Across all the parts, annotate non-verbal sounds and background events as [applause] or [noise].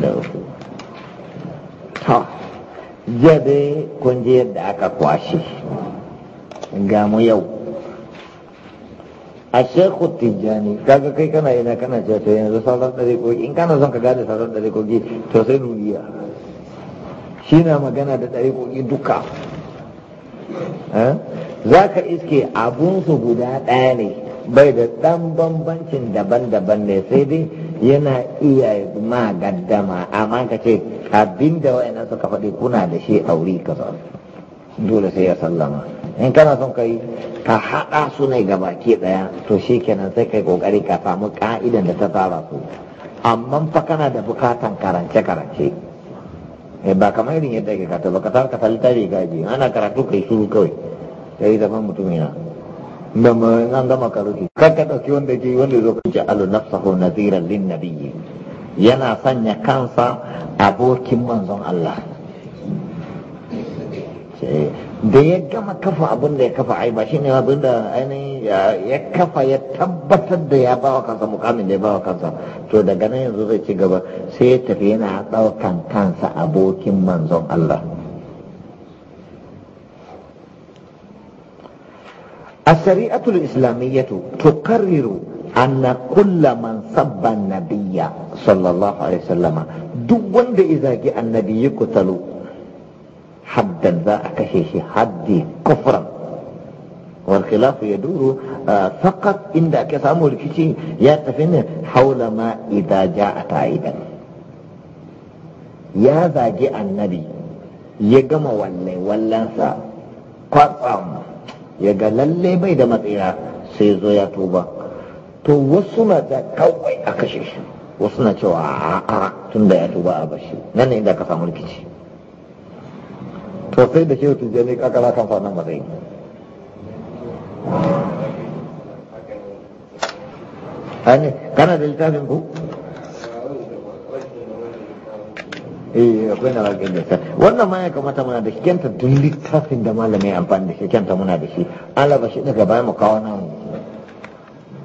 da uku ha jade kun je yadda aka kwashe ga mu yau a shekhu tijjani kaga kai kana yana kana ce to yanzu sauran kogi in kana son ka gane sauran ɗariƙoƙi to sai nuniya shi na magana da kogi duka eh? za ka iske abunsu guda ɗaya ne bai da ɗan bambancin daban-daban ne sai dai yana iya ma gaddama amma ka ce abinda wayannan suka faɗi kuna da shi a ka zo dole sai ya sallama in kana son kai ka haɗa su ne ga baki ɗaya to shi kenan sai kai ƙoƙari ka samu ƙa'idan da ta tsara su amma fa kana da bukatan karance-karance eh, ba kamar irin yadda ke ka ba ka tarka talitari gaji ana karatu kai shuru kawai sai zaman mutum yana da an ɗauki wanda ke wanda zo yana sanya kansa abokin manzon Allah da ya gama kafa abin da ya kafa ai ba shine abin da ainihin ya kafa ya tabbatar da ya bawa kansa mukamin da ya bawa kansa to daga nan yanzu zai ci gaba sai ya tafi yana ɗaukan kansa abokin manzon Allah الشريعة الإسلامية تقرر أن كل من سب النبي صلى الله عليه وسلم دون إذا جاء النبي يقتل حدا ذا أكشيش حد كفرا والخلاف يدور آه فقط عند كسام الكشي يتفن حول ما إذا جاء تعيدا يا ذا جاء النبي يجمع ولا ولا سا قطعم ya ga lalle bai da matsira sai zo ya tuba to wasu na da kawai a kashe shi wasu na cewa a ara tun da ya tuba a bashi nan ne inda ka samu rikici to sai da shehu tijjani kakala kan fa nan matsayi kana da littafin ku Eh, akwai na raƙin da sa. wannan ma ya kamata muna da kyanta tun littafin da malamai amfani da shi kyanta muna da shi ba shi daga baya mu kawo nan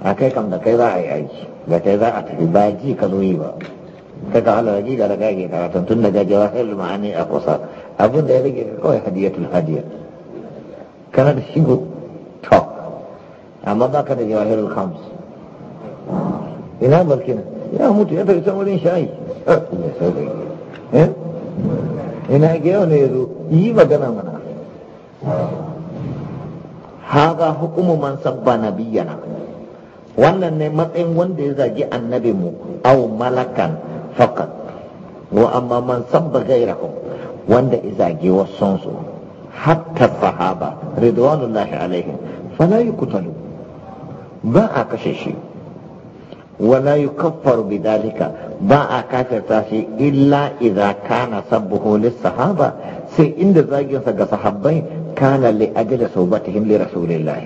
a kai kam da kai za a yi aiki da kai za a tafi ba ji ka zo yi ba ta ka halar ji da daga ke karatun tun daga hali ma'ani a kusa abin da ya rage kawai hadiyatul hadiyar kana da shigo to amma ba ka da jawahirul khams ina barkina ya mutu ya tafi can wurin shayi ah, eh ina ne yazo yi magana mana haga hukumu sabba nabiyana wannan ne matsayin wanda ya zagi annabi mu aw malakan faqat wa amma man sabba gairahu wanda ya zagi wasan su hatta sahaba ridwanullahi alaihim fala yuqtalu ba a kashe shi ولا يكفر بذلك با كافر تاسي الا اذا كان سبه للصحابه سي إن سغا صحابين كان لاجل صحبتهم لرسول الله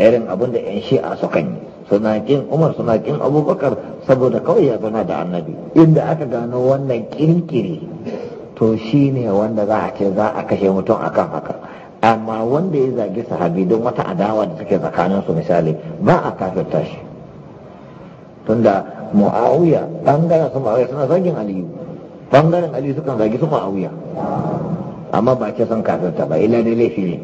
ان شي إنشاء سكن sunakin umar sunakin abubakar saboda kawai ya zana da annabi inda aka gano wannan kirkiri to shine wanda za a ce za a kashe mutum akan haka amma wanda ya zagi sahabi don wata adawa da suke tsakaninsu misali ba a kafirta shi tunda mu'awiya bangaren su mu'awiya suna zagin aliyu bangaren aliyu suka zagi su mu'awiya amma ba ke son kafirta ba ila da laifi ne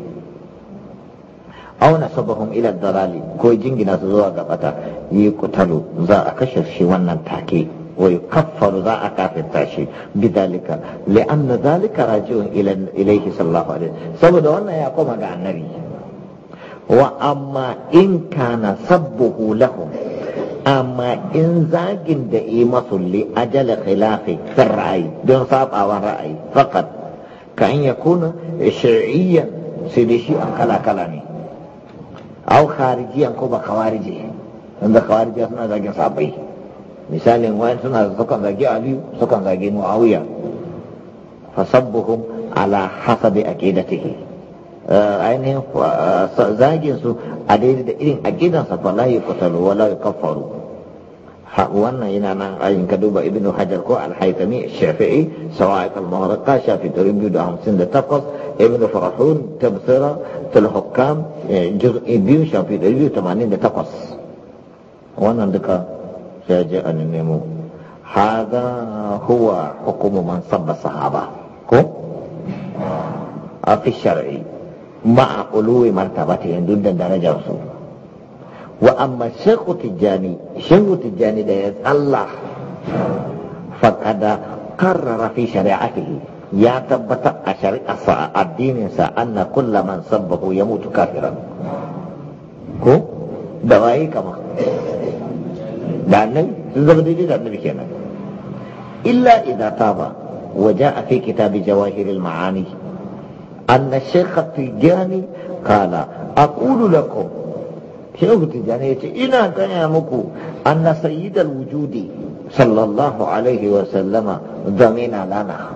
auna sabahun ila darali ko jingina su zuwa ga bata yi kutalo za a kashe shi wannan take wai kafaru za a kafirta shi bidalika li'anna zalika raji'un ilaihi sallallahu alaihi saboda wannan ya koma ga annabi wa amma in kana sabbuhu lahum amma in zagin da yi masu li ajala khilafi fin ra'ayi don sabawa ra'ayi fakat ka an ya kuna shari'iyya sai dai shi an kala kala ne au kharijiyan ko ba kawarije wanda kawarije suna zagin sabai misalin wani suna sukan zagi aliyu sukan zagi muawiya fasabbuhum ala hasabi aqidatihi eh, ainihin zagin su a daidai da irin aƙidansa fa la yuqtalu wa la yukaffaru wannan yana nan ayin kaduba duba ibnu hajar ko al-haytami shafi'i sawa'iq al-muharaqa shafi 258 ibnu farahun tabsira al-hukam eh, juz'i biyu shafi 288 wannan duka sai je an nemo hada huwa hukumu man sabba sahaba ko a fi shar'i ma'a uluwi martabatihim duk da wa amma shekhu tijjani shekhu tijjani da ya tsallah faƙada karrara fi shari'atihi ya tabbatar a shari'arsa a addininsa anna kulla man sabbahu ya mutu kafiran ko da waye kama da annabi sun zama daidai da annabi kenan illa idan taba وجاء في كتاب جواهر ma'ani أن الشيخ التجاني قال shehu tijjani ya ce ina gaya muku anna sayyidal wujudi sallallahu alaihi wa sallama zamina lana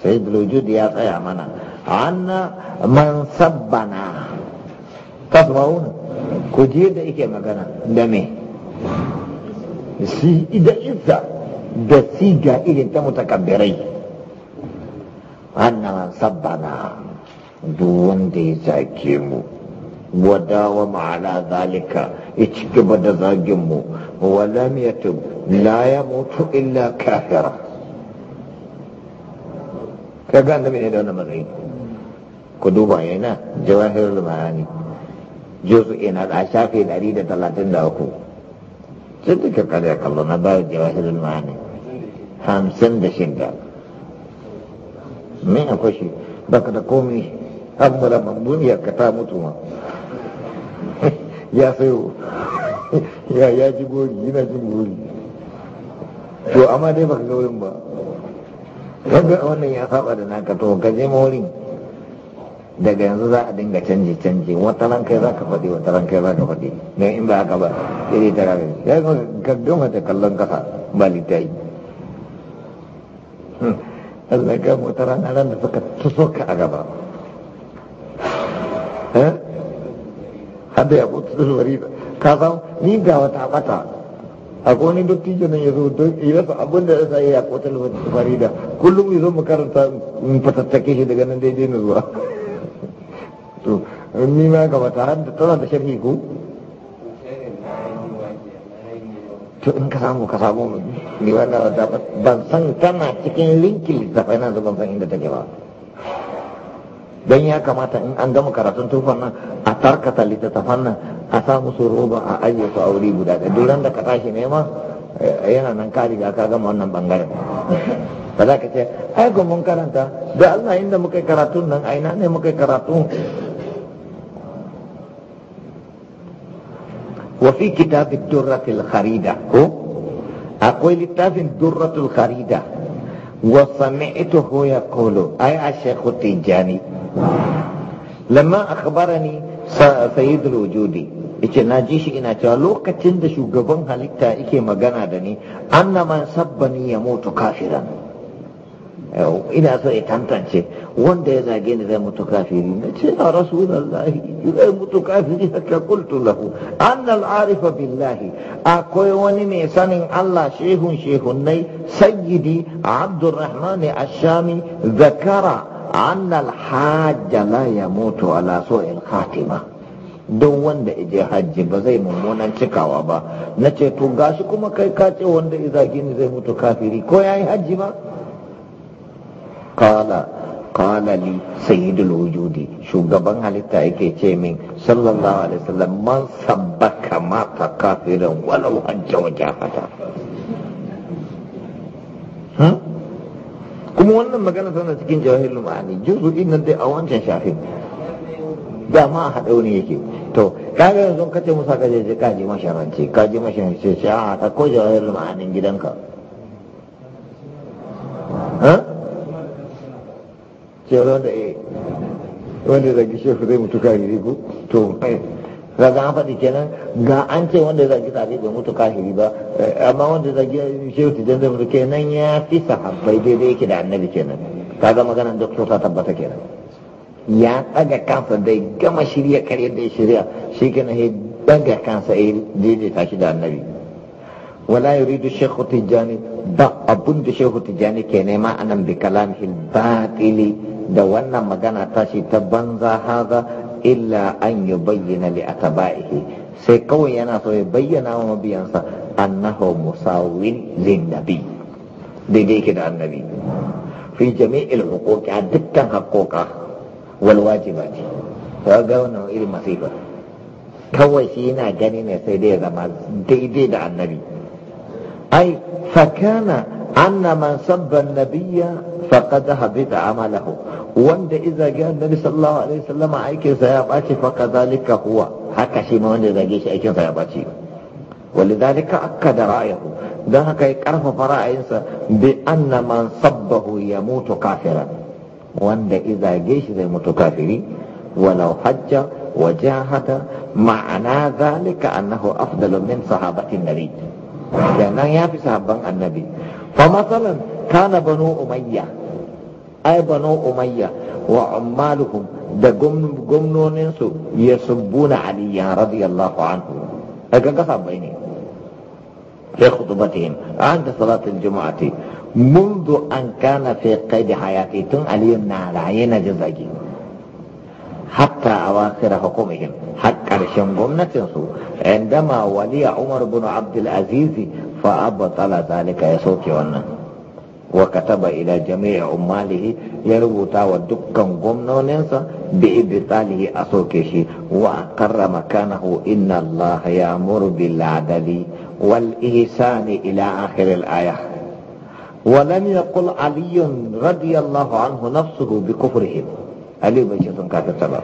sayyidal wujudi ya tsaya mana anna man sabbana tasma'una ku je da yake magana da me si idan izza da siga irin ta mutakabbirai anna man sabbana duk wanda ya zake mu Wa maala mu ala zan luka ya zaginmu, wanda muna taimaka laya mutu illa kafira. Ka ganin da bai yi da wani matsayi. Ku duba ya yi na? Jawar herin da ashefe lalura da da hakun. Cuta da na baya jawar herin ma'ani. Hamsan da shinkar. Mun yi baka da komai, Amadu, Mambombi, Yarka, ta mutu ma. ya sayo ya ya ji gori yana jin gori to amma dai baka ga wurin ba kaga wannan ya saba da naka to ka je maurin daga yanzu za a dinga canje canje wata ran kai zaka faɗi wata ran kai zaka faɗi dan in ba haka ba iri ta rabe ya ga gama ta kallon kasa ba litai hmm. Allah ga wata nan da suka tuso ka a gaba eh hada ya kutu da zuwari ka san ni ga wata a wani dattijo nan ya zo don irasa abin da zai ya kutu da zuwari da kullum ya zo mu karanta in fatattake shi daga nan daidai na zuwa [laughs] to ma ga wata har tana da sharhi ko san tana cikin linkin littafai na zuban san inda ba don ya kamata in an gama karatun tufan nan a tarkata littattafan nan a sa musu roba a ajiye su a wuri guda da duran da ka tashi nema eh, yana nan ka riga ka gama wannan bangaren [laughs] ba za ka ce ai mun karanta da Allah inda muka yi karatun nan aina ne muka yi karatu wa fi kitabid kharida ko akwai littafin durratul kharida wa sami'tuhu yaqulu ai a shaykhu tijani لما أخبرني سيد الوجود yace na ji shi ina cewa lokacin da shugaban halitta yake magana da ni annama sabbani ya mutu kafiran ina so ya tantance wanda ya zage ni zai mutu kafiri na ce a rasulullahi zai mutu kafiri haka kultu lahu an al'arifa billahi akwai wani mai sanin Allah shehun shehunnai sayyidi abdurrahman ashami zakara أن الحاج لا يموت على سوء الخاتمة don wanda ije hajji ba zai mummunan cikawa ba na ce to gashi kuma kai ka ce wanda iza gini zai mutu kafiri ko ya yi hajji ba kala kala li sayyidul wujudi shugaban halitta yake ce min sallallahu alaihi wasallam man sabbaka mata kafirin walau hajja wajahata hmm? kuma wannan magana tana cikin jawahir ma'ani juzu'in nan dai a wancan shafin da a haɗau ne yake to kaga yanzu ka ce musa kaje je kaje masharanci kaje masharanci sai a ta ko jawahir ma'anin gidanka ha ce wanda eh wanda zagi shehu zai mutu ne ko to ga an faɗi kenan ga an ce wanda zagi tare bai mutu kahiri ba eh, amma wanda zagi shehu tijan zai mutu kenan ya fi sahabbai daidai yake da annabi kenan kaga maganar da ta tabbata kenan ya tsaga kansa da gama shirya kare da shirya shi kenan ya daga kansa ya ta shi da annabi wala yuridu shaykhu tijani ba abun da shehu tijjani ke nema anan bi kalamihi batili da wannan magana ta shi ta banza haza illa an yi bayyana li a sai kawai yana so ya bayyana wa mabiyansa annahu musawin lin daidai ke da annabi fi jami'il huquqi a dukkan hakoka wal wajibati ce. ga wannan irin masifa kawai shi yana gani ne sai dai ya zama daidai da annabi ai fakana anna man sabba nabiyya faqad habita amalahu wanda idza ga annabi sallallahu alaihi wasallam aikin sa ya bace fa kadalika huwa haka shi ma wanda zage shi aikin sa ya bace walidhalika akkada ra'ayahu dan haka ya karfa fara'ayin sa bi anna man sabbahu yamutu kafiran wanda idza ga zai mutu kafiri walau hajja wajahata ma'ana zalika annahu afdalu min sahabatin nabiy dan nan ya fi sahabban annabi فمثلا كان بنو أمية umayya wa أمية وعمالهم da gwamnoninsu ya sabu na aliyya radiyallahu anhu a ganga sabai ne sai khutuba ta yin an da salatun juma'a ta mundu an kana fi kai da hayati tun aliyun na raye na jin zage hatta a wasira hukumihin har ƙarshen gwamnatinsu inda ma waliya umar bin abdulaziz فأبطل ذلك يسوك ونه وكتب إلى جميع أماله يربطا ودكا قمنا ننسى بإبطاله أسوكشي وأقر مكانه إن الله يأمر بالعدل والإحسان إلى آخر الآية ولم يقل علي رضي الله عنه نفسه بكفرهم علي بن كافر سبب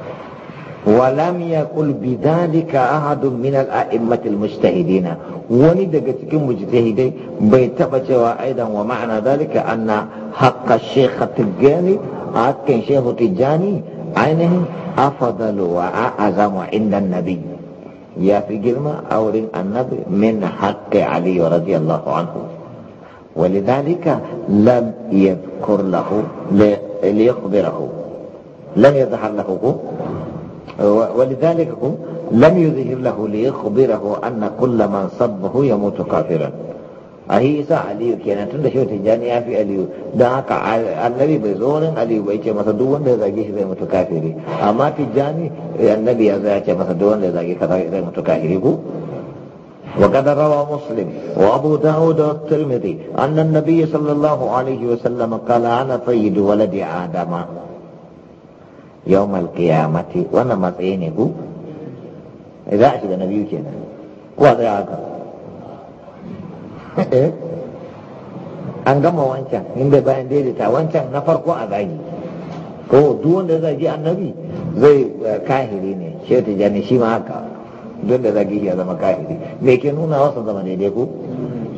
ولم يقل بذلك أحد من الأئمة المجتهدين وندق تكون مجتهدين بيتبجوا ومعنى ذلك أن حق الشيخ التجاني حق الشيخ التجاني عينه أفضل وأعظم عند النبي يا في جلمة أو النبي من حق علي رضي الله عنه ولذلك لم يذكر له ليخبره لم يظهر له ولذلك لم يظهر له ليخبره أن كل من صبه يموت كافرا أهي إساء عليه كينا تندشو تجاني أفي عليه دعاك النبي بزور عليه بيتي مصدوان لذا جيه متكافري أما تجاني النبي أزاي أتي مصدوان لذا جيه كفاية متكافري وقد روى مسلم وابو داود والترمذي ان النبي صلى الله عليه وسلم قال انا سيد ولد ادم yawmal qiyamati wannan matsayi ne ku eh, za a shiga na biyu kenan ko a tsaya haka [laughs] eh? an gama wancan inda bayan daidaita wancan na farko a zagi ko duk wanda ya zagi annabi zai eh, kahiri ne shi ta jani shi ma haka duk da zagi ya zama kahiri me ke nuna wasu zama daidai ko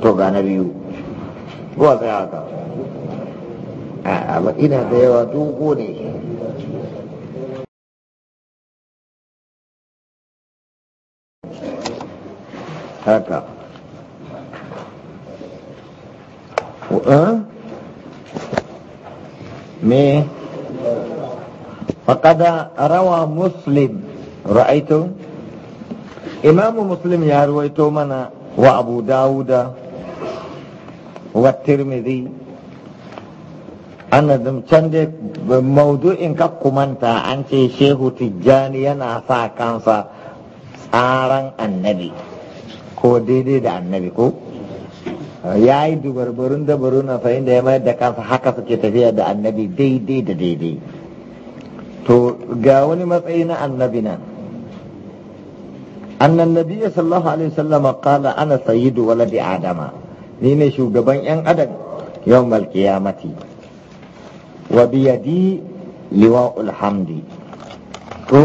to ga na biyu ko a tsaya haka ina da yawa dogo ne haka me faƙada rawa muslim ra'aito imamu muslim ya ruwaito mana wa abu dawuda wa tirmidhi ana can dai maudu'in kumanta, an ce shehu tijjani yana sa kansa tsaran annabi ko daidai da annabi ko ya yi dubarbarun dabaru na fahim da ya mayar da kansa haka suke tafiya da annabi daidai da daidai to ga wani matsayi na annabi nan annan nabi sallahu alaihi wasallam kala ana sayyidu waladi adama ni ne shugaban yan adam yawmal mati. wa bi yadi liwa'ul ko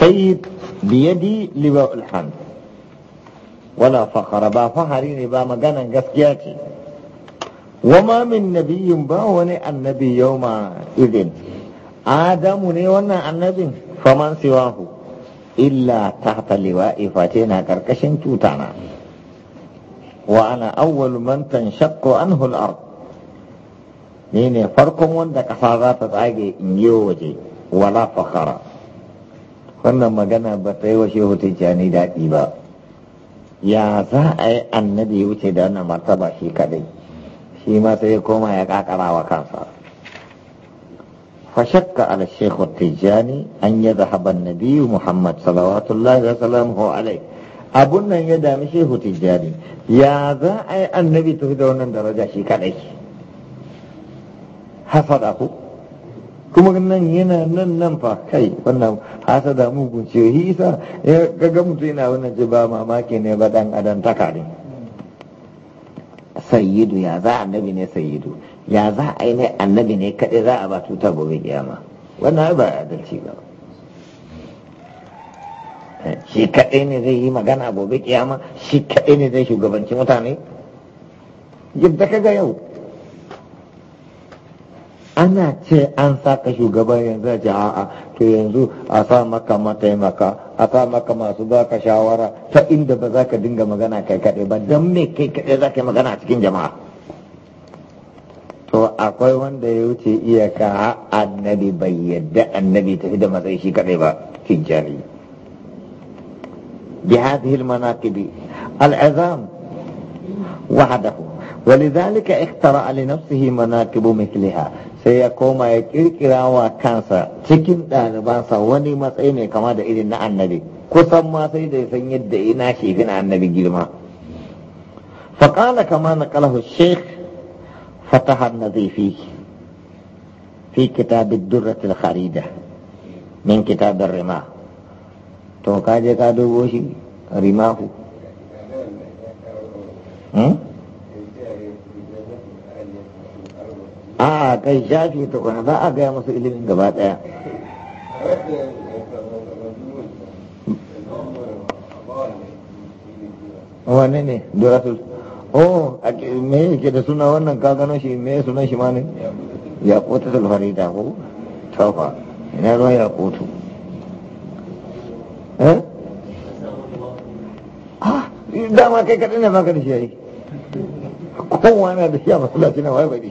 sayyid bi yadi liwa ulhamdi wala fakhara ba fahari ne ba magana gaskiya ce Wamamin min ba wani annabi yauma idin adamu ne wannan annabin faman siwahu illa tahta liwa'i fate na karkashin tutana wa ana awwalu man tanshaqqu anhu al-ard ni ne farkon wanda kasa za ta tsage in yi waje wala fakhara wannan magana ba ta yi wa shehu tijjani daɗi ba ya za a yi annabi wuce da wannan martaba shi kadai shi ma sai ya koma ya kakara wa kansa fashakka al shekhu tijjani an yi zahaban nabi muhammad salawatullahi wa salam hu alai abun nan ya dami shehu tijjani ya za a yi annabi tafi da wannan daraja shi kadai hasada ku kuma nan yana nan nan fa kai wannan hasada mu gunce hisa ya ga mutum yana wannan ce ba mamaki ne ba dan adam taka ne sayyidu ya za annabi ne sayyidu ya za a yi ne annabi ne kaɗai za a ba tuta gobe kiyama wannan ba adalci ba eh, shi kaɗai ne zai yi magana gobe kiyama shi kaɗai ne zai shugabanci mutane yadda kaga yau ana ce an saka shugaban yanzu a ce a'a to yanzu a sa maka mataimaka a sa maka masu baka shawara ta inda ba za ka dinga magana kai kaɗai ba don me kai kaɗai za ka yi magana a cikin jama'a to akwai wanda ya wuce iyaka annabi bai yadda annabi ta fi da matsayi shi kaɗai ba bi tijjani بهذه المناقب العظام وحده ولذلك اخترع لنفسه مناكب مثلها sai ya koma ya kirkira wa kansa cikin ɗalibansa wani matsayi mai kama da irin na annabi kusan ma sai da san yadda ina shi fi na annabi girma faƙala kama na ƙalahu sheikh fatahar zai fi kitabin durratul kharida min da rima to kaje ka dubo shi rimahu hmm? a kai shafi tukuna za a gaya musu ilimin gaba daya wani ne duratul oh me yake da suna wannan ka gano shi me suna shi ma ne ya kota da ko tafa ina ruwa ya kotu eh ah, dama kai kaɗai ne ba ka da shi ya yi kowa na da shi a masu lafi na wai bai da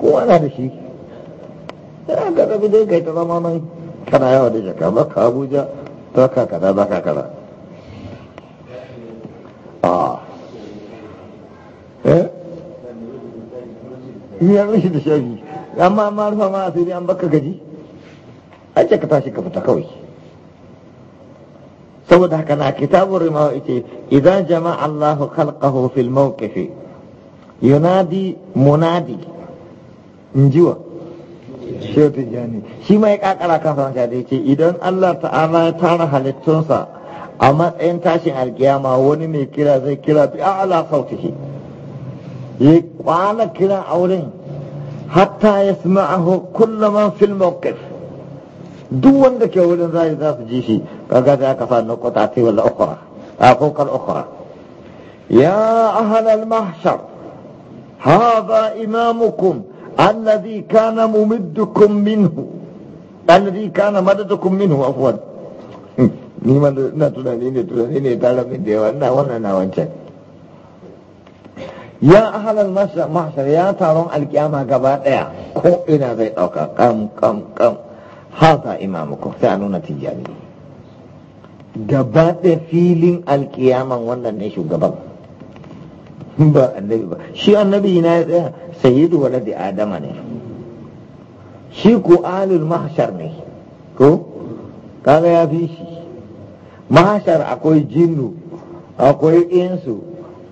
kowa na da shi ya ga rabu dai kai ta zama nan kana yawa da jaka ba ka abuja ba ka kaza ba ka a ah. eh ya rushe da shafi amma ma rufa ma asiri an baka gaji an ce ka tashi ka fita kawai saboda haka na kitabun rimawa ita idan jama'a Allahu khalqahu fil mawqifi yunadi munadi in shi wata jani shi mai kakara kansa wanka da ce idan Allah ta'ala ya tara halittunsa a matsayin tashin alkiyama wani mai kira zai kira bi ala sautihi ya kwana kira a wurin hatta ya sama'ahu a man filmon kai duk wanda ke wurin zai za su ji shi kaga da kafa sa kwata ta wala okwara a kokar okwara ya ahalar mahshar haza imamukum الذي كان ممدكم منه الذي كان مددكم منه عفوا ni ma na tunani ne tunani ne ta min da yawa ina wannan na wancan ya ahalar mahshar ya taron alkiyama gaba daya ko ina zai dauka kam kam kam haza imamukum sai a nuna tijjani gaba daya filin alkiyaman wannan ne shugaban ba annabi ba shi annabi na ya tsaya sayyidu waladi adama ne shi ku alul mahshar ne ko kaga ya fi shi mahshar akwai jinnu akwai insu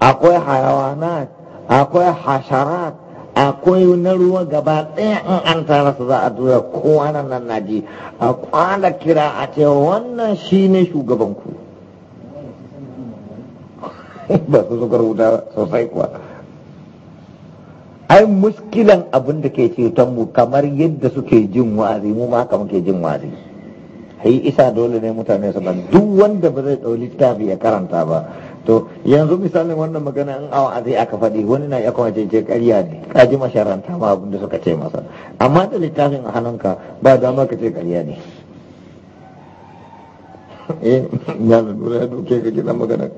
akwai hayawanat akwai hasharat akwai na ruwa gaba ɗaya in an tara su za a tura kowa nan na naji a kwana kira a cewa wannan shi ne shugabanku [laughs] batu sukar wuta sosai kuwa ai muskilan abin da ke ceton mu kamar yadda suke jin wa'azi mu ma kamar ke jin wa'azi ai isa dole ne mutane su duk wanda ba zai ɗau littafi ya karanta ba to yanzu misalin wannan magana in awa azai aka faɗi wani na iya kuma cece ƙarya ne ka ji masharanta ma abin da suka ce masa amma da littafin a hannunka ba dama ka ce ƙarya ne [laughs] eh ya dole ya doke ka gina magana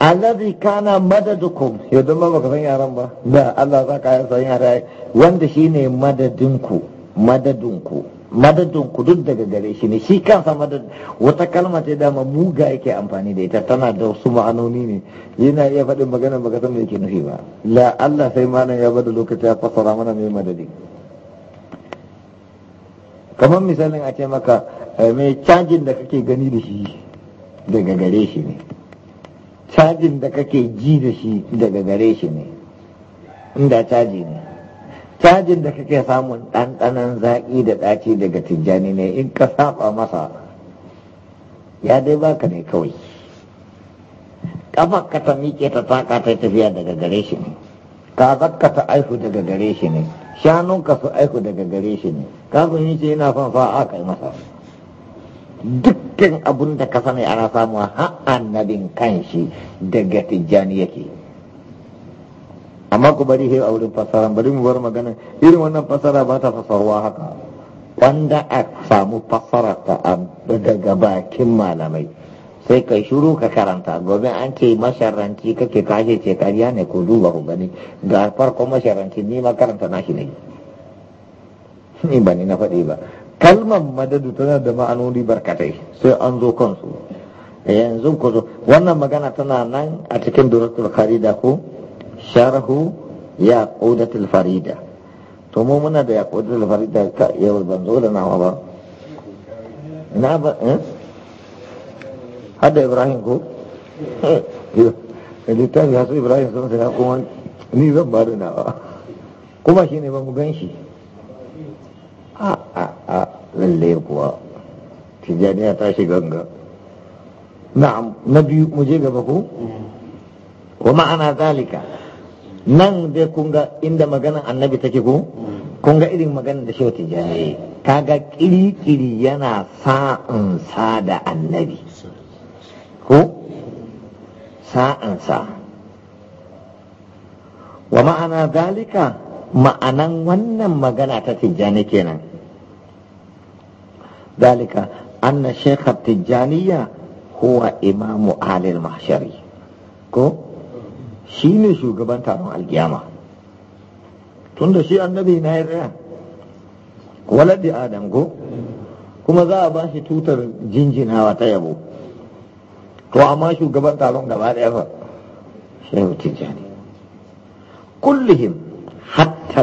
alladhi kana madadukum yau don baka ka san yaran ba da Allah za ka san yara wanda shine madadinku madadinku madadinku duk daga gare shi ne shi kansa madad wata kalma ce dama muga yake amfani da ita tana da wasu ma'anoni ne yana iya faɗin magana baka san me yake nufi ba la Allah sai malam ya bada lokaci ya fassara mana mai madadi kamar misalin a ce maka mai canjin da kake gani da shi daga gare shi ne cajin da kake ji da shi daga gare shi ne inda caji ne cajin da kake samun ɗanɗanan zaƙi da ɗaci daga tijjani ne in ka saba masa ya dai baka ne kawai ƙafar ka ta miƙe ta taka ta tafiya daga gare shi ne kazar ka ta aihu daga gare shi ne shanun ka su aihu daga gare shi ne kafin yi ce yana son fa'a kai masa duk dukkan abun da ka sani ana samu har annabin kanshi daga tijjani yake amma ku bari a wurin fasara bari mu bar magana irin wannan fasara ba ta fasarwa haka wanda a samu fasara ta daga bakin malamai sai kai shuru ka karanta gobe an ce masharanci kake kashe ce kariya ne ko duba ku gani ga farko masharanci ni ma karanta nashi ne ni ba ni na faɗi ba kalmar madadu tana da ma'anoni barkatai sai an zo kansu eh, yanzu ku zo wannan magana tana nan a cikin duratul farida ko sharhu ya qudatul farida to mu muna da ya qudatul farida ka yau ban zo da nawa ba na ba eh hada ibrahim ko eh [laughs] ya hasu ibrahim sun sai kuma ni zan ba da nawa kuma shine ba mu ganshi. shi a a a lalle kuwa tijjani ta tashi ganga na'am na biyu mu je gaba ko Wa ma'ana zalika nan dai kun ga inda magana annabi take ko kun ga irin magana da shewa tijani kaga kirikiri yana sa'an sa da annabi ko sa'an sa wa ma'ana zalika ma'anan wannan magana ta tijjani kenan ذلك أن الشيخ التجانية هو إمام آل المحشر كو شيني شو قبان تارون القيامة تند شيء النبي نهر ولد آدم كو kuma za a ba shi tutar jinjinawa ta yabo to amma shugaban taron gaba ɗaya fa shehu tijjani kullihim hatta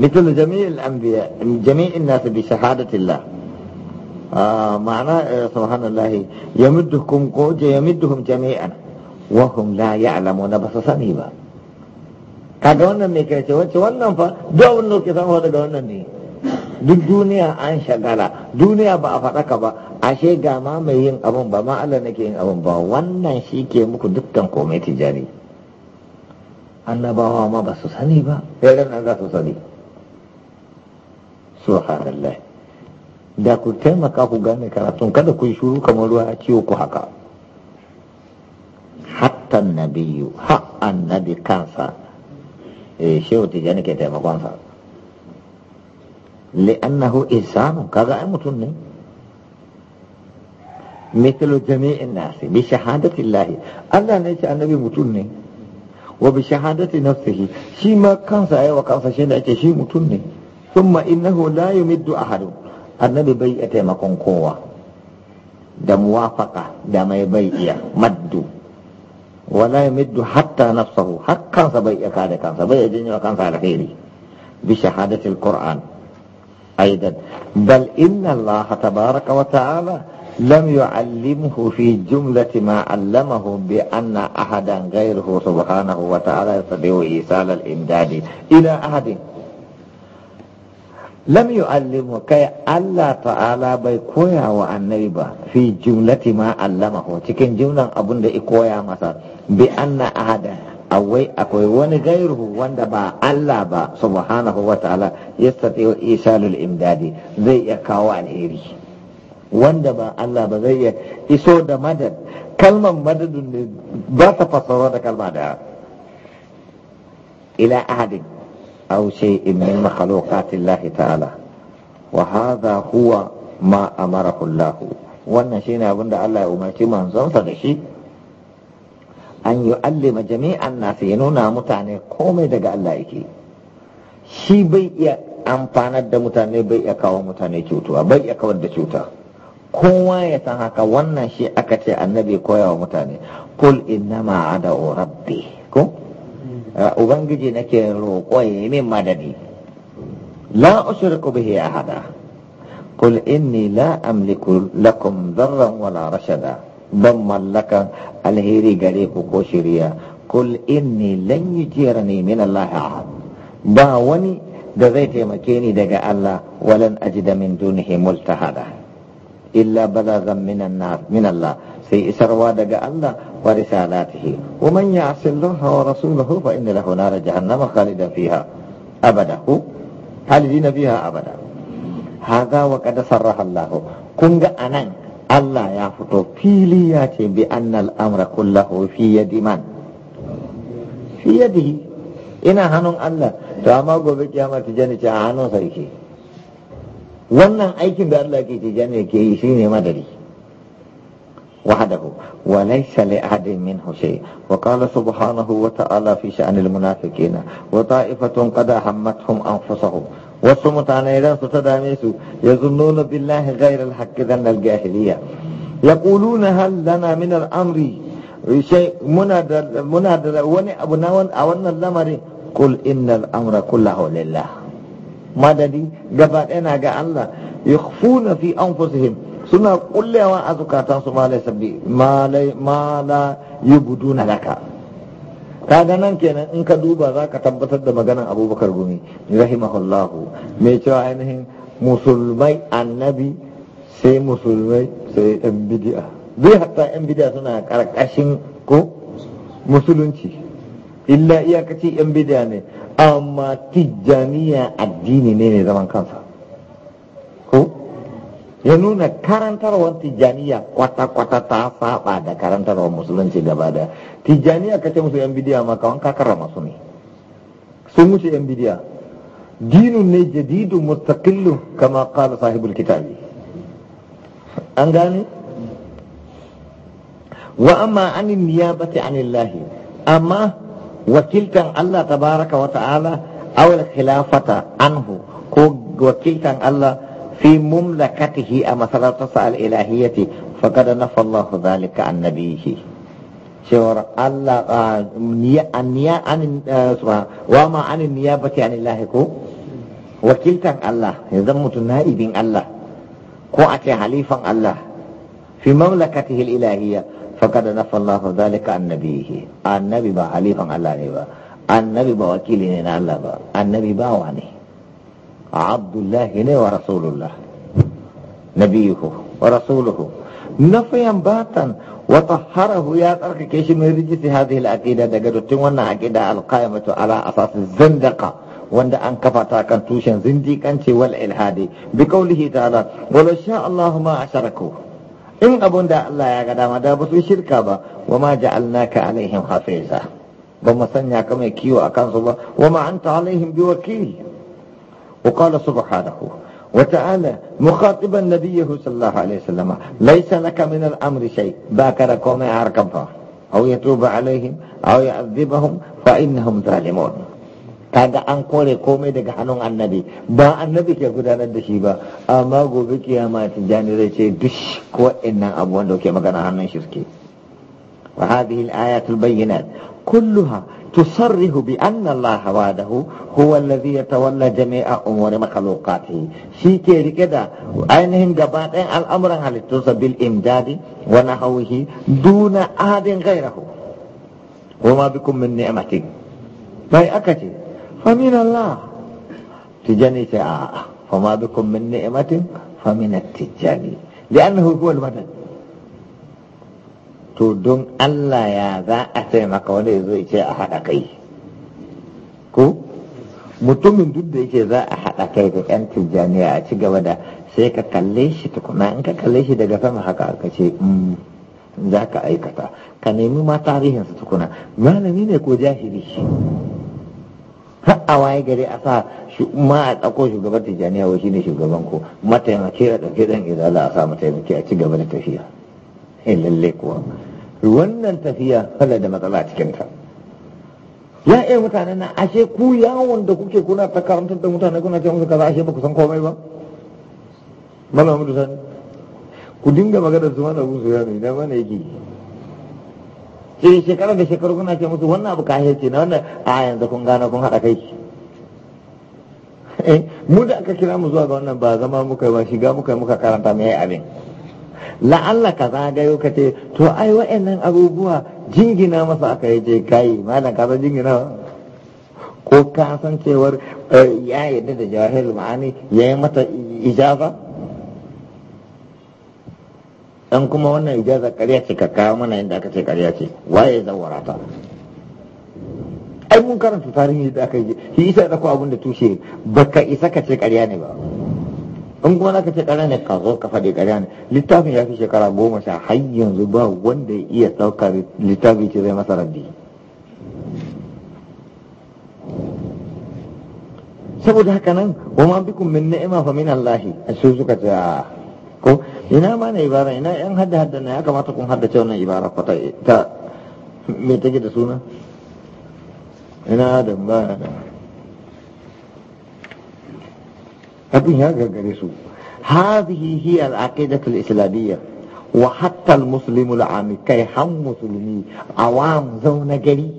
مثل جميع الأنبياء جميع الناس بشهادة الله آه معنى سبحان الله يمدكم قوج يمدهم جميعا وهم لا يعلمون بس سنيبا kaga wannan ne kai ce wacce wannan fa duk abin da ke samu daga wannan ne duk duniya an shagala duniya ba a faɗaka ba ashe ga ma mai yin abin ba ma Allah nake yin abin ba wannan shi ke muku dukkan komai tijari annabawa ma ba su sani ba sai ran za su sani subhanallah da ku taimaka ku gane karatun kada ku yi shuru kamar ruwa a ciwo ku haka hatta nabiyu ha annabi kansa eh shehu tijani ke taimakon sa li annahu insanu kaga ai mutum ne mithlu jami'in nas bi shahadati allah Allah ne ce annabi mutum ne wa bi shahadati nafsihi shi ma kansa ai wa kansa shi ne ake shi mutum ne ثم إنه لا يمد أحد النبي بيئة مكون قوة دا موافقة دا ما يبيئة مد ولا يمد حتى نفسه حقا كان سبيئة كان كان سبيئة جنة وكان سعر خيري بشهادة القرآن أيضا بل إن الله تبارك وتعالى لم يعلمه في جملة ما علمه بأن أحدا غيره سبحانه وتعالى يستطيع إيصال الإمداد إلى أحد lam yu'allimu kai Allah ta'ala bai koya wa annabi ba fi jumlati ma allamahu cikin jumlan abun da ya koya masa bi anna ahada awai akwai wani gairu wanda ba Allah ba subhanahu wa ta'ala yastati isalul imdadi zai iya kawo alheri wanda ba Allah ba zai iya iso da madad kalmar madadun ne ba ta fasara da kalma da ila ahadin أو شيء من مخلوقات الله تعالى وهذا هو ما أمره الله wannan shine abin da Allah ya umarci manzonsa da shi an yi allima jami'an nasu ya nuna mutane komai daga Allah yake shi bai iya amfanar da mutane bai iya kawo mutane cutuwa bai iya kawar da cuta kowa ya san haka wannan shi aka ce annabi koya wa mutane kul innama ada'u rabbi ko Eh, ubangiji nake roƙo ya yi min madadi la ushriku bihi ahada qul inni la amliku lakum dharran wala rashada ban mallakan alheri gare ku ko shirya kul inni lan yujirani min Allah ahad ba wani da zai taimake ni daga Allah walan ajida min dunihi multahada illa balagan min Allah sai isarwa daga Allah wa risalatihi wa man ya'si Allah wa rasulahu fa inna lahu nar jahannama khalidan fiha abada hu halidina fiha abada hada wa qad sarraha Allah kun ga anan Allah ya fito fili ya ce bi annal amra kullahu fi yadi man fi yadi ina hannun Allah to amma gobe kiyama ta jani ce a hannun sarki wannan aikin da Allah ke jani ke yi shine madari وحده وليس لأحد منه شيء وقال سبحانه وتعالى في شأن المنافقين وطائفة قد أهمتهم أنفسهم والسمتان إذا ستداميس يظنون بالله غير الحق ذن الجاهلية يقولون هل لنا من الأمر شيء منادل منادل وني أبو نوان أولنا اللمر قل إن الأمر كله لله madadi gaba ɗaya na ga Allah ya na fi anfusihim suna kullewa a su ma sabbi ma la yubudu na laka kaga nan kenan in ka duba za ka tabbatar da maganan abubakar gumi rahimahullahu mai cewa ainihin musulmai annabi sai musulmai sai yan bidi'a zai hatta yan bidi'a suna karkashin ko musulunci illa iyakaci yan bidi'a ne amma tijjaniya addini ne ne zaman kansa ya nuna wa tijaniya kwata-kwata ta faɗa da karantarwar musulunci gaba da tijaniya kace musu yan bidiya maka wanka kakara masu ne sun wuce yan bidiya dinun ne jadidu mustaqillun kama qala sahibul kitabi an gane wa amma anin niyabati anillahi amma wakiltan Allah ta baraka wa ta'ala awal khilafata anhu ko wakiltan Allah في مملكته أما ثلاثة الإلهية فقد نفى الله ذلك عن نبيه شور الله آه النيا عن آه وما عن النيابة عن الله كو وكلتا الله يذمت النائب الله كو أتي حليفا الله في مملكته الإلهية فقد نفى الله ذلك عن نبيه النبي با حليفا الله نبا النبي با وكيل الله با النبي با وانه عبد الله wa ورسول الله نبيه ورسوله نفيا باتا وطهره يا ترك كيش من رجس هذه العقيدة دقدو تنوانا عقيدة القائمة على أساس الزندقة وند أن كفتا كان توشن زندي كان والإلهادي بقوله تعالى ولو شاء الله ما أشركوا إن أبون دا الله يا قدام دا بسو با وما جعلناك عليهم حفيظا بما سنيا كما كيو أكان وما أنت عليهم بوكيل وقال سبحانه وتعالى مخاطبا نبيه صلى الله عليه وسلم ليس لك من الأمر شيء باكر باكركم أركبها أو يتوب عليهم أو يعذبهم فإنهم ظالمون kaga an kore komai daga hannun annabi ba annabi ke gudanar da shi ba amma gobe kiyama ta jani zai ce duk ko innan abuwan da ke magana hannun shirki wa hadhihi al-ayatul bayyinat kulluha تصرح بأن الله وعده هو الذي يتولى جميع أمور مخلوقاته شي كيري أينهم قباتين الأمر هل بالإمداد ونحوه دون أحد غيره وما بكم من نعمة باي أكتي فمن الله تجني آه فما بكم من نعمة فمن التجاني لأنه هو المدد to don Allah ya za a taimaka wanda zai ce a haɗa kai ko mutumin duk da yake za a haɗa kai da 'yan tijjaniya a ci gaba da sai ka kalle shi tukuna in ka kalle shi daga sama haka ka ce mm, za ka aikata ka nemi ma su tukuna malami ne ko jahili har a waye gari a sa ma a tsako shugaban tijjaniya wa ne shugaban ko mataimake a ɗauke ɗan za a sa mataimake a ci gaba da tafiya Eh, lalle kuwa wannan tafiya tana da matsala a ta ya ai eh, mutane na ashe ku yawon da kuke kuna ta karantar da mutane kuna ce musu kaza ashe ba ku san komai ba malam mudu sani ku dinga magana su mana musu ya ne dama ne yake sai shekara da shekaru kuna ce musu wannan abu kahiyar ce na wannan a yanzu kun gane kun haɗa kai eh, mu da aka kira mu zuwa ga wannan ba zama muka ba shiga muka muka karanta mai abin la'alla ka zagayo ka ce to ai wa'annan abubuwa jingina masa aka yi je kai mana ka san jingina ko ka san cewar eh, ya yadda da jahil ma'ani ya yi mata ijaza dan kuma wannan ijaza karya ce ka kawo mana inda aka ce karya ce waye zawara ta ai mun karanta tarihi da aka yi shi isa da ku abin da tushe baka isa ka ce karya ne ba in kuma ka ce ƙarya ne ka zo ka faɗi ƙarya ne littafin ya fi shekara goma sha har yanzu ba wanda ya iya ɗauka littafi ce zai masa rabbi saboda haka nan wa ma bikum min ni'ima fa min Allah su suka ce ko ina ma na ibara ina yan hadda hadda na ya kamata kun haddace wannan ibara kwata ta me take da suna ina da ba abin ya gargare su haɗi hihiyar a ƙaida ta islamiyya wa hattar musulmi la'ami han musulmi a wa zaune gari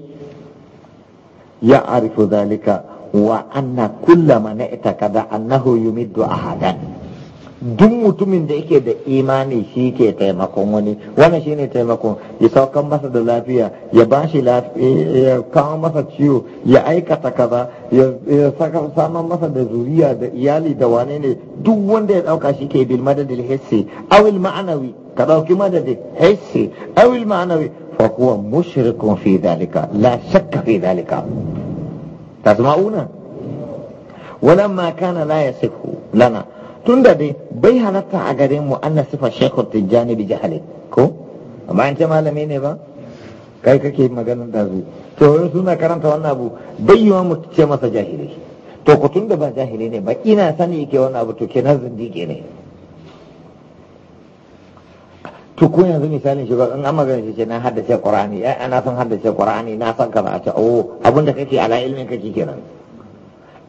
ya arifu zalika wa an na kulla mana ita kada annahu yi middu a hadari duk mutumin da yake da imani shi ke taimakon wani wannan shi ne taimakon ya saukan masa da lafiya ya ba shi lafiya ya kawo masa ciwo ya aikata kaza ya saka saman masa da zuriya da iyali da wane ne duk wanda ya dauka shi ke bil madadil hissi awil ma'anawi ka dauki madadin hissi awil ma'anawi fa huwa mushrikun fi dalika la shakka fi dalika tasma'una ولما كان لا يصفه لنا tun da dai bai halatta a gare mu an nasifa shekhu tijjani bi jahali ko amma an ce malami ne ba kai kake maganar da zu to wani suna karanta wannan abu bai yi mu ce masa jahili to ku tun da ba jahili ne ba ina sani yake wannan abu to kenan zindike ne to ko yanzu misalin shi ba an magana shi ce na haddace qur'ani ai eh, ana san haddace qur'ani na san kaza a ce oh abinda kake ala ilmin kake kenan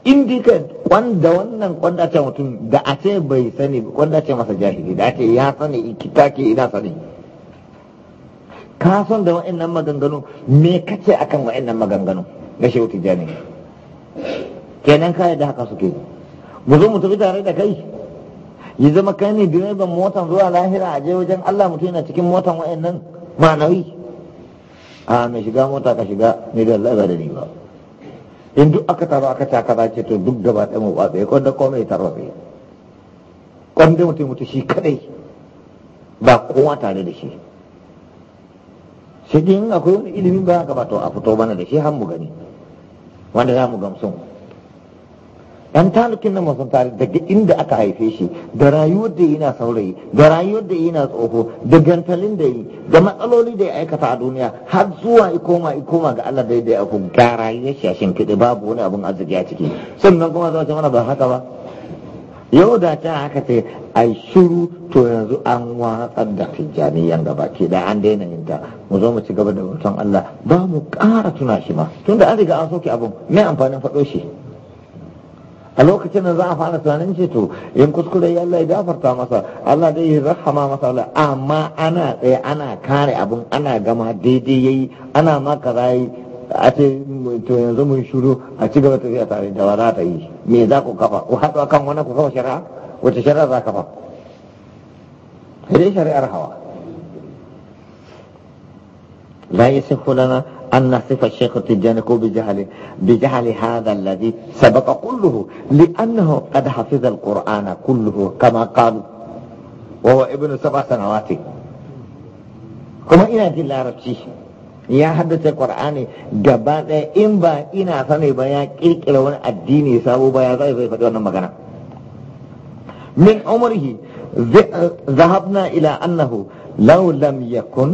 in ka wanda wannan kwanda ce mutum da a ce bai sani kwanda ce masa jahili da ake ya sani iki take ina sani ka san da wa'annan maganganu me kace akan wa'annan maganganu na shehu tijjani kenan ka da haka suke mu zo mu tafi tare da kai yi zama kai ne direban motan zuwa lahira a je wajen Allah mutum yana cikin motan wa'annan ma'anawi a mai shiga mota ka shiga ni da Allah ba da ni ba in duk aka taro aka ta kaza ce to duk gaba ɗaya mu ba tsaye kome komai taro tsaye kwanda mutum mutu shi kadai ba kowa tare da shi sai in akwai wani ilimin ba haka ba to a fito mana da shi har mu gani wanda za mu gamsu yan talukin nan masu tare daga inda aka haife shi da rayuwar da yana saurayi da rayuwar da yana tsoho da gantalin da yi da matsaloli da ya aikata a duniya har zuwa ikoma ikoma ga Allah da ya ku ga rayuwar shi a babu wani abin arziki a ciki sannan kuma za mana ba haka ba yau da ta haka ce ai shiru to yanzu an watsar da tijjaniyan gaba ke da an daina yin ta mu zo mu ci gaba da bautan Allah ba mu ƙara tuna shi ma tunda an riga an soke abin mai amfanin faɗo shi a lokacin da za a fara tunanin ce to in kuskure ya Allah ya gafarta masa Allah dai ya rahama masa Allah amma ana tsaye ana kare abun ana gama daidai yayi ana ma kaza yi a ce to yanzu mun shuru a ci gaba tafiya tare da ba za ta yi me za ku kafa ku haɗu kan wani ku kafa shari'a wace shari'a za kafa sai shari'ar hawa la yasihu lana أن نصف الشيخ التجاني بجهل بجهل هذا الذي سبق كله لأنه قد حفظ القرآن كله كما قالوا وهو ابن سبع سنوات كما إنا في العربشي يا حدث القرآن جبان إن با إنا سني بيا كيك لون الدين يسابو بيا زي زي فتوانا مغانا من عمره ذهبنا إلى أنه لو لم يكن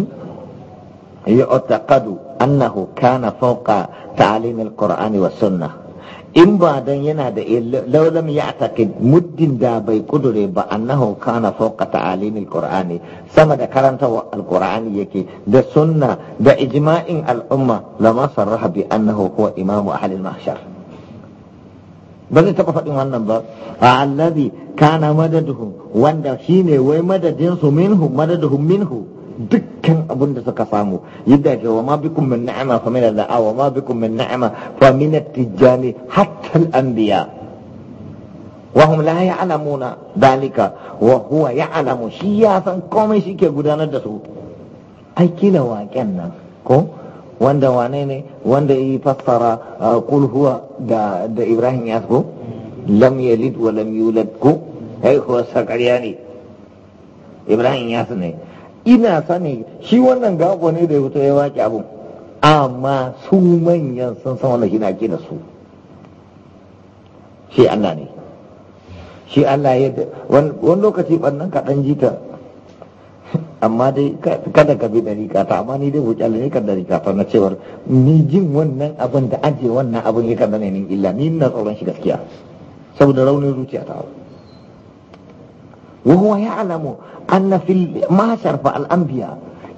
yu'taqadu annahu kana fawqa ta'lim al-qur'ani wa sunnah in ba dan yana da law lam ya'taqid muddin da bai kudure ba annahu kana fawqa ta'lim al-qur'ani sama da karanta al-qur'ani yake da sunna da ijma'in al-umma lama sarraha bi annahu huwa imam ahli al ba zai taba faɗin wannan ba a allazi kana madaduhu wanda shine wai madadin su minhu madaduhu minhu dukkan abin da suka samu yadda ke wa ma bikum min ni'ama fa min da'a wa ma bikum min ni'ama fa min at-tijani hatta al-anbiya wa hum la ya'lamuna dalika wa huwa ya'lamu shi ya san komai shi ke gudanar da su ai kila waƙen nan ko wanda wane ne wanda yi fassara kul huwa da da Ibrahim ya ko lam yalid wa lam yulad ko ai huwa sakariya ne Ibrahim ya ne ina sani shi wannan gago ne da ya fito ya waƙi abin amma su manyan sun san wanda shi na da su shi Allah ne shi Allah ya wani lokaci ɓannan kaɗan jita amma dai kada ka bi dariƙa ta amma ni dai wuce Allah ne kan dariƙa ta na cewar ni jin wannan abin da aje wannan abin ya kan ni illa ni na tsoron shi gaskiya saboda raunin zuciya ta wa huwa ya'lamu anna fil ma sharfa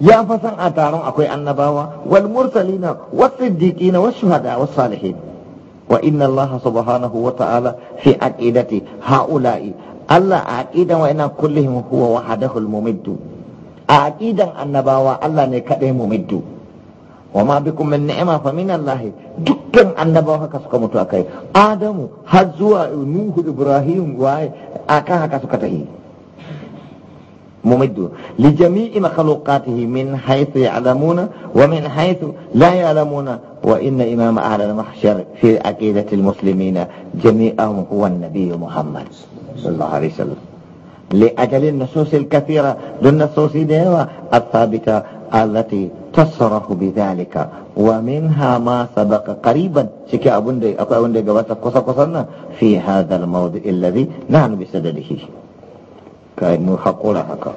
ya fa san a taron akwai annabawa wal mursalina was siddiqina was shuhada was salihin wa inna allaha subhanahu wa ta'ala fi aqidati haula'i Allah a aqidan wa ina kullihim huwa wahdahu al mumiddu a aqidan annabawa Allah ne kadai mumiddu wa ma bikum min ni'ma fa min Allah dukkan annabawa haka suka mutu akai Adamu har zuwa Nuhu Ibrahim waye aka haka suka tafi ممد لجميع مخلوقاته من حيث يعلمون ومن حيث لا يعلمون وإن إمام أهل المحشر في عقيدة المسلمين جميعهم هو النبي محمد صلى الله عليه وسلم لأجل النصوص الكثيرة للنصوص ديوة الثابتة التي تصرف بذلك ومنها ما سبق قريبا شكي أبوندي أبوندي قبطة قصة قصنا في هذا الموضع الذي نحن بسدده kai mun haƙura haka